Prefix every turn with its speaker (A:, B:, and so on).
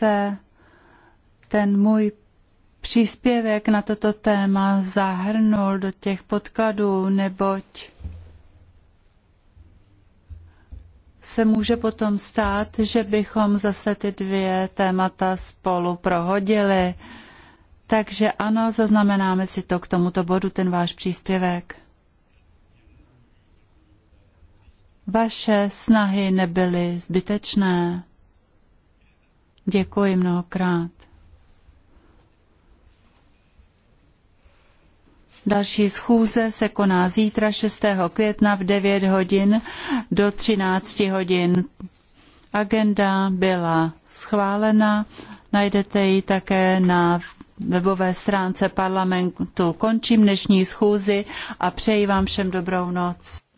A: jste ten můj příspěvek na toto téma zahrnul do těch podkladů, neboť se může potom stát, že bychom zase ty dvě témata spolu prohodili. Takže ano, zaznamenáme si to k tomuto bodu, ten váš příspěvek. Vaše snahy nebyly zbytečné. Děkuji mnohokrát. Další schůze se koná zítra 6. května v 9 hodin do 13 hodin. Agenda byla schválena, najdete ji také na webové stránce parlamentu. Končím dnešní schůzi a přeji vám všem dobrou noc.